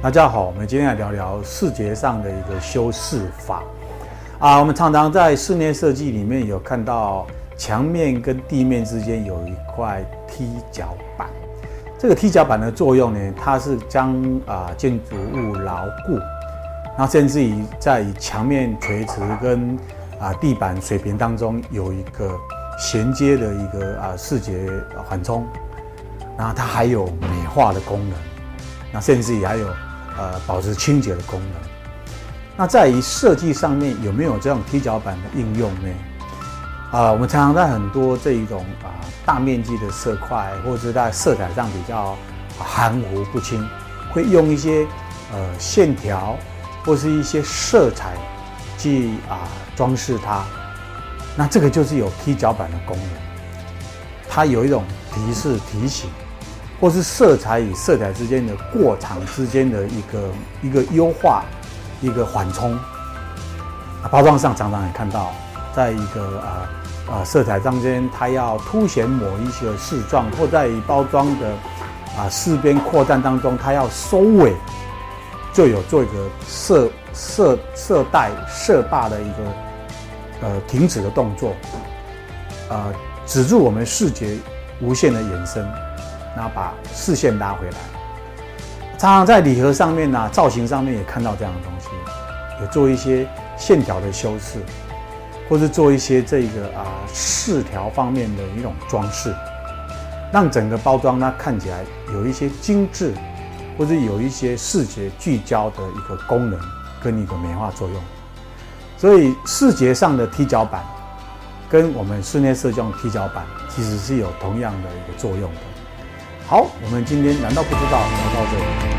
大家好，我們今天來聊聊視覺上的一個修飾法啊。我們常常在室內設計裡面有看到牆面跟地面之間有一塊踢腳板，這個踢腳板的作用呢，它是將啊建築物牢固，那甚至於在牆面垂直跟啊地板水平當中有一個銜接的一個啊視覺緩衝，然後它還有美化的功能，那甚至於還有。呃，保持清潔的功能。那在於設計上面有沒有這種踢腳板的應用呢？啊、呃，我們常常在很多這一種啊、呃、大面積的色塊，或者是在色彩上比較含糊不清，會用一些呃線條或是一些色彩去啊、呃、裝飾它。那這個就是有踢腳板的功能，它有一種提示提醒。或是色彩與色彩之間的過場之間的一個一個優化，一個緩衝。啊，包裝上常常也看到，在一個啊啊、呃呃、色彩中間，它要凸顯某一些視狀，或在包裝的啊、呃、四邊擴展當中，它要收尾，就有做一個色色色帶色霸的一個呃停止的動作，啊、呃，止住我們視覺無限的延伸。那把視線拉回來，常常在禮盒上面呢、啊，造型上面也看到這樣的東西，有做一些線條的修飾，或者做一些這個啊飾條方面的一種裝飾，讓整個包裝呢看起來有一些精緻，或者有一些視覺聚焦的一個功能跟一個美化作用。所以視覺上的踢腳板，跟我們室內設計用踢腳板其實是有同樣的一個作用的。好，我們今天難道不知道聊到這裡。